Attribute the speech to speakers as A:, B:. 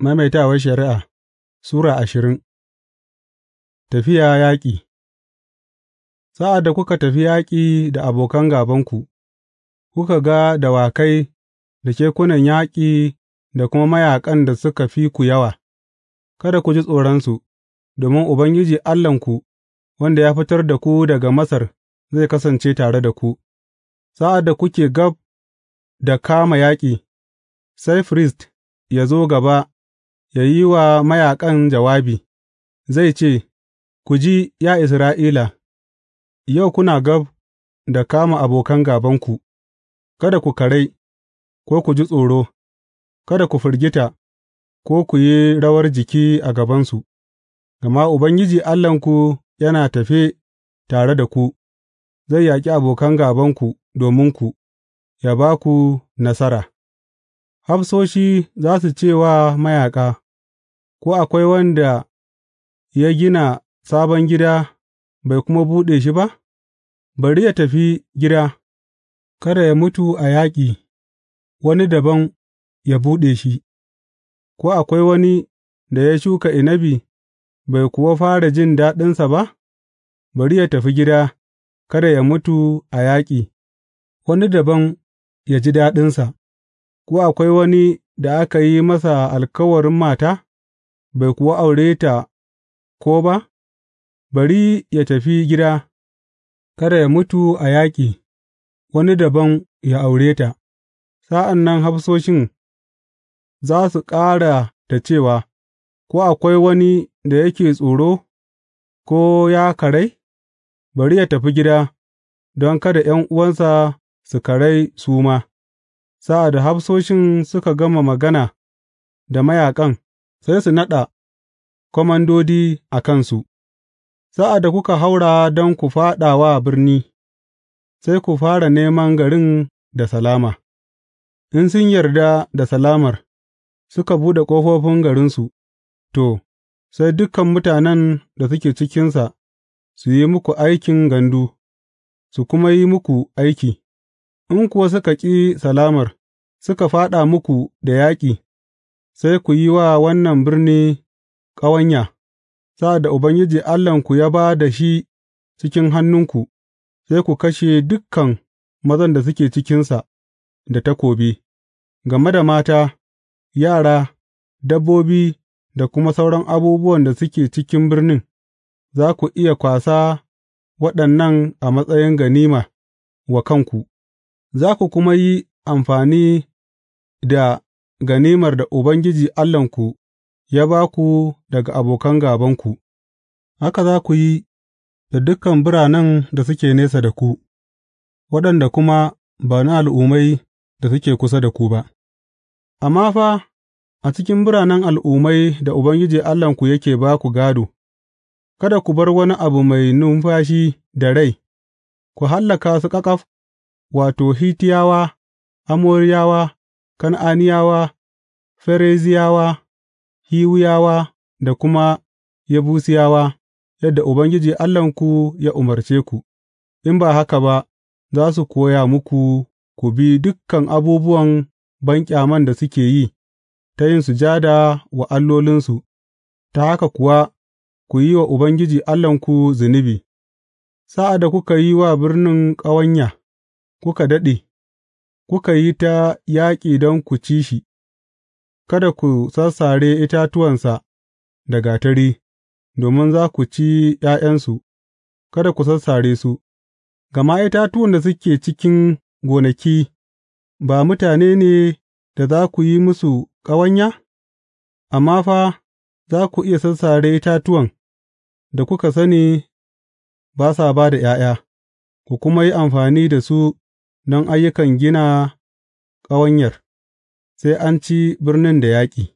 A: Maimaitawar Shari'a Sura ashirin Tafiya yaƙi Sa'ad da kuka tafi yaƙi da abokan gābanku, kuka ga dawakai da kekunan yaƙi da kuma mayaƙan da suka fi ku yawa, kada ku ji tsoronsu, domin Ubangiji Allahnku, wanda ya fitar da ku daga Masar, zai kasance tare da ku, sa'ad da kuke gab da kama yaƙi, sai firist ya zo gaba. yă yi wa mayaƙan jawabi, zai ce, Ku ji, ya Isra'ila, yau kuna gab da kama abokan gābanku, kada ku karai, ko ku ji tsoro, kada ku firgita, ko ku yi rawar jiki a gabansu, gama Ubangiji Allahnku yana tafe tare da ku, zai yaƙi abokan gābanku dominku, ya ba ku nasara. Hafsoshi za su ce wa mayaƙa. ko akwai wanda ya gina sabon gida bai kuma buɗe shi ba, bari ya tafi gida, kada ya mutu a yaƙi, wani dabam ya buɗe shi, ko akwai wani da ya shuka inabi bai kuwa fara jin daɗinsa ba, bari ya tafi gida, kada ya mutu a yaƙi, wani dabam ya ji daɗinsa, ko akwai wani da aka yi masa alkawarin mata? bai kuwa aure ta ko ba, bari yă tafi gida, kada yă mutu a yaƙi, wani dabam ya aure ta, sa'an nan hafsoshin za su ƙara da cewa, Ko akwai wani da yake tsoro ko ya karai? Bari yă tafi gida don kada ’yan'uwansa su karai su ma, sa'ad da hafsoshin suka gama magana da mayaƙan. sai su naɗa komandodi a kansu, sa'ad da kuka haura don ku fāɗa wa birni, sai ku fara neman garin da salama, in sun yarda da salamar, suka buɗe ƙofofin garinsu, to, sai dukan mutanen da suke cikinsa su yi muku aikin gandu, su kuma yi muku aiki, in kuwa suka ƙi salamar, suka fāɗa muku da yaƙi. sai ku yi wa wannan birni ƙawanya, sa'ad da Ubangiji Allahnku ya ba da shi cikin hannunku, sai ku kashe dukan mazan da suke cikinsa da takobi, game da mata, yara, dabbobi da kuma sauran abubuwan da suke cikin birnin, za ku iya kwasa waɗannan a matsayin ganima wa kanku, za ku kuma yi amfani da ganimar da Ubangiji Allahnku ya ba ku daga abokan gābanku, haka za ku yi da dukan biranen da suke nesa da ku, waɗanda kuma ba na al'ummai da suke kusa da ku ba, amma fa a cikin biranen al'ummai da Ubangiji Allahnku yake ba ku gādo, kada ku bar wani abu mai numfashi da rai, ku hallaka su ƙaƙaf, wato, hitiyawa, Amoriyawa, Kan'aniyawa, Ferizziyawa, Hiwiyawa da kuma Yebusiyawa, yadda Ubangiji Allahnku ya umarce ku, in ba haka ba, za su koya muku ku bi dukan abubuwan banƙyaman da suke yi, ta yin sujada wa allolinsu, ta haka kuwa ku yi wa Ubangiji Allahnku zunubi, sa'ad da kuka yi wa birnin ƙawanya, kuka daɗe, kuka yi ta yaƙi don ku ci shi. Kada ku sassare itatuwansa da gatari, domin za ku ci ’ya'yansu; kada ku sassare su, gama itatuwan da suke cikin gonaki ba mutane ne da za ku yi musu ƙawanya, amma fa za ku iya sassare itatuwan da kuka sani ba sa ba da ’ya'ya, ku kuma yi amfani da su don ayyukan gina ƙawanyar. sai an ci birnin da yaƙi.